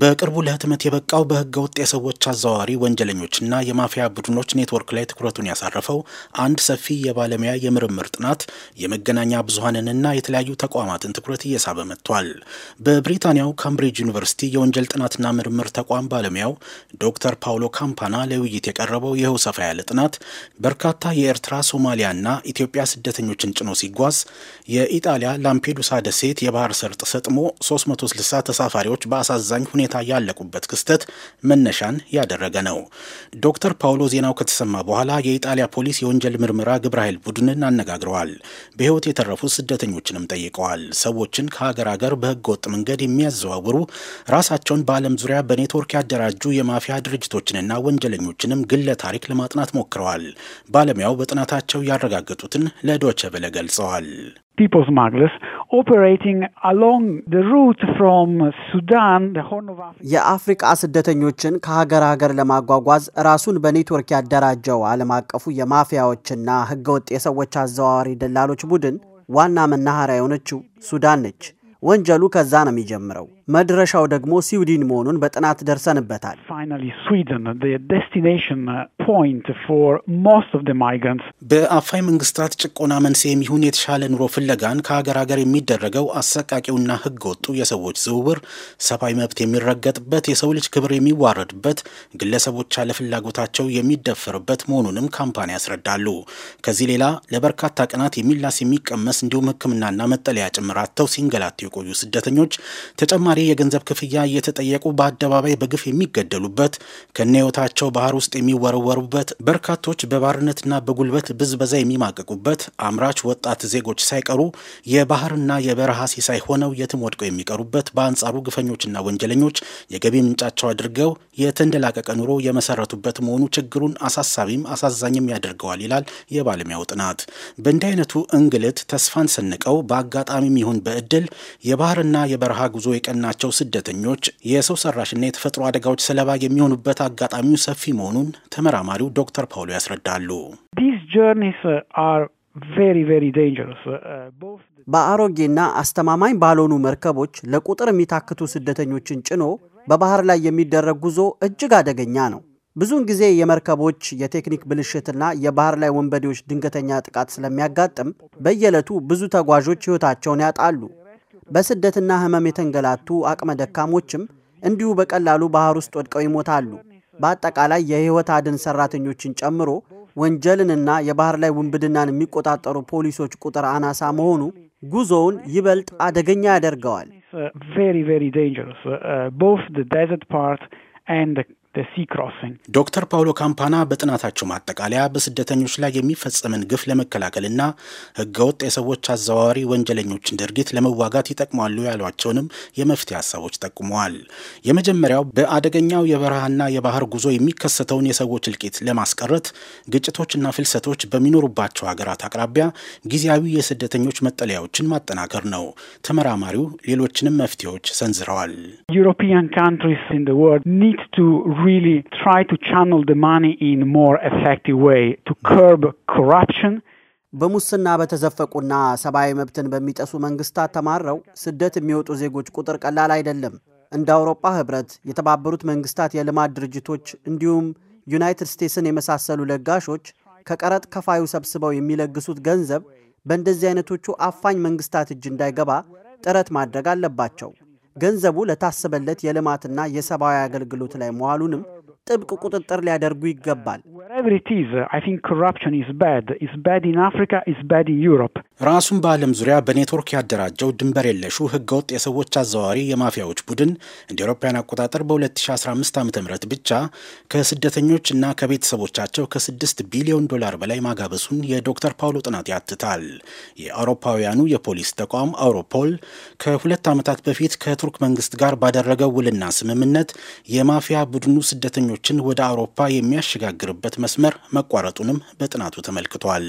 በቅርቡ ለህትመት የበቃው በህገ ወጥ የሰዎች አዘዋዋሪ ወንጀለኞችና የማፊያ ቡድኖች ኔትወርክ ላይ ትኩረቱን ያሳረፈው አንድ ሰፊ የባለሙያ የምርምር ጥናት የመገናኛ ብዙሀንንና የተለያዩ ተቋማትን ትኩረት እየሳበ መጥቷል። በብሪታንያው ካምብሪጅ ዩኒቨርሲቲ የወንጀል ጥናትና ምርምር ተቋም ባለሙያው ዶክተር ፓውሎ ካምፓና ለውይይት የቀረበው ይኸው ሰፋ ያለ ጥናት በርካታ የኤርትራ ሶማሊያና ኢትዮጵያ ስደተኞችን ጭኖ ሲጓዝ የኢጣሊያ ላምፔዱሳ ደሴት የባህር ሰርጥ ሰጥሞ 360 ተሳፋሪዎች በአሳዛኝ ሁኔታ ሁኔታ ያለቁበት ክስተት መነሻን ያደረገ ነው። ዶክተር ፓውሎ ዜናው ከተሰማ በኋላ የኢጣሊያ ፖሊስ የወንጀል ምርመራ ግብረ ኃይል ቡድንን አነጋግረዋል። በሕይወት የተረፉ ስደተኞችንም ጠይቀዋል። ሰዎችን ከሀገር ሀገር በህገወጥ ወጥ መንገድ የሚያዘዋውሩ ራሳቸውን በዓለም ዙሪያ በኔትወርክ ያደራጁ የማፊያ ድርጅቶችንና ወንጀለኞችንም ግለ ታሪክ ለማጥናት ሞክረዋል። ባለሙያው በጥናታቸው ያረጋገጡትን ለዶቸ በለ ገልጸዋል። people smugglers operating along the route from Sudan the Horn of Africa የአፍሪቃ ስደተኞችን ከሀገር ሀገር ለማጓጓዝ ራሱን በኔትወርክ ያደራጀው ዓለም አቀፉ የማፊያዎችና ህገወጥ የሰዎች አዘዋዋሪ ደላሎች ቡድን ዋና መናኸሪያ የሆነችው ሱዳን ነች። ወንጀሉ ከዛ ነው የሚጀምረው። መድረሻው ደግሞ ስዊድን መሆኑን በጥናት ደርሰንበታል። በአፋይ መንግስታት ጭቆና መንስኤ የሚሆን የተሻለ ኑሮ ፍለጋን ከሀገር ሀገር የሚደረገው አሰቃቂውና ህገ ወጡ የሰዎች ዝውውር ሰብአዊ መብት የሚረገጥበት፣ የሰው ልጅ ክብር የሚዋረድበት፣ ግለሰቦች አለፍላጎታቸው የሚደፈርበት መሆኑንም ካምፓኒ ያስረዳሉ። ከዚህ ሌላ ለበርካታ ቀናት የሚላስ የሚቀመስ እንዲሁም ሕክምናና መጠለያ ጭምር አጥተው ሲንገላቱ የቆዩ ስደተኞች ተጨማሪ የገንዘብ ክፍያ እየተጠየቁ በአደባባይ በግፍ የሚገደሉበት ከነ ህይወታቸው ባህር ውስጥ የሚወረወ የሚወረወሩበት፣ በርካቶች በባርነትና በጉልበት ብዝበዛ የሚማቀቁበት፣ አምራች ወጣት ዜጎች ሳይቀሩ የባህርና የበረሃ ሲሳይ ሆነው የትም ወድቀው የሚቀሩበት፣ በአንጻሩ ግፈኞችና ወንጀለኞች የገቢ ምንጫቸው አድርገው የተንደላቀቀ ኑሮ የመሰረቱበት መሆኑ ችግሩን አሳሳቢም አሳዛኝም ያደርገዋል ይላል የባለሙያው ጥናት። በእንዲህ አይነቱ እንግልት ተስፋን ሰንቀው በአጋጣሚም ይሁን በእድል የባህርና የበረሃ ጉዞ የቀናቸው ስደተኞች የሰው ሰራሽና የተፈጥሮ አደጋዎች ሰለባ የሚሆኑበት አጋጣሚው ሰፊ መሆኑን ተመራማሪው ዶክተር ፓውሎ ያስረዳሉ። uh, uh, በአሮጌና አስተማማኝ ባልሆኑ መርከቦች ለቁጥር የሚታክቱ ስደተኞችን ጭኖ በባህር ላይ የሚደረግ ጉዞ እጅግ አደገኛ ነው። ብዙውን ጊዜ የመርከቦች የቴክኒክ ብልሽትና የባህር ላይ ወንበዴዎች ድንገተኛ ጥቃት ስለሚያጋጥም በየዕለቱ ብዙ ተጓዦች ሕይወታቸውን ያጣሉ። በስደትና ህመም የተንገላቱ አቅመ ደካሞችም እንዲሁ በቀላሉ ባህር ውስጥ ወድቀው ይሞታሉ። በአጠቃላይ የሕይወት አድን ሰራተኞችን ጨምሮ ወንጀልንና የባህር ላይ ውንብድናን የሚቆጣጠሩ ፖሊሶች ቁጥር አናሳ መሆኑ ጉዞውን ይበልጥ አደገኛ ያደርገዋል። Uh, very, very dangerous. Uh, both the desert part and the ዶክተር ፓውሎ ካምፓና በጥናታቸው ማጠቃለያ በስደተኞች ላይ የሚፈጸምን ግፍ ለመከላከልና ህገወጥ የሰዎች አዘዋዋሪ ወንጀለኞችን ድርጊት ለመዋጋት ይጠቅማሉ ያሏቸውንም የመፍትሄ ሀሳቦች ጠቁመዋል። የመጀመሪያው በአደገኛው የበረሃና የባህር ጉዞ የሚከሰተውን የሰዎች እልቂት ለማስቀረት ግጭቶችና ፍልሰቶች በሚኖሩባቸው ሀገራት አቅራቢያ ጊዜያዊ የስደተኞች መጠለያዎችን ማጠናከር ነው። ተመራማሪው ሌሎችንም መፍትሄዎች ሰንዝረዋል። really try to channel the money in more effective way to curb corruption በሙስና በተዘፈቁና ሰብአዊ መብትን በሚጠሱ መንግስታት ተማረው ስደት የሚወጡ ዜጎች ቁጥር ቀላል አይደለም። እንደ አውሮፓ ህብረት፣ የተባበሩት መንግስታት የልማት ድርጅቶች እንዲሁም ዩናይትድ ስቴትስን የመሳሰሉ ለጋሾች ከቀረጥ ከፋዩ ሰብስበው የሚለግሱት ገንዘብ በእንደዚህ አይነቶቹ አፋኝ መንግስታት እጅ እንዳይገባ ጥረት ማድረግ አለባቸው። ገንዘቡ ለታሰበለት የልማትና የሰብአዊ አገልግሎት ላይ መዋሉንም ጥብቅ ቁጥጥር ሊያደርጉ ይገባል። whatever it is, I think corruption is bad. It's bad in Africa, it's bad in Europe. ራሱን በዓለም ዙሪያ በኔትወርክ ያደራጀው ድንበር የለሹ ህገወጥ የሰዎች አዘዋዋሪ የማፊያዎች ቡድን እንደ አውሮፓውያን አቆጣጠር በ2015 ዓ ም ብቻ ከስደተኞች እና ከቤተሰቦቻቸው ከ6 ቢሊዮን ዶላር በላይ ማጋበሱን የዶክተር ፓውሎ ጥናት ያትታል። የአውሮፓውያኑ የፖሊስ ተቋም አውሮፖል ከሁለት ዓመታት በፊት ከቱርክ መንግስት ጋር ባደረገው ውልና ስምምነት የማፊያ ቡድኑ ስደተኞችን ወደ አውሮፓ የሚያሸጋግርበት መስመር መቋረጡንም በጥናቱ ተመልክቷል።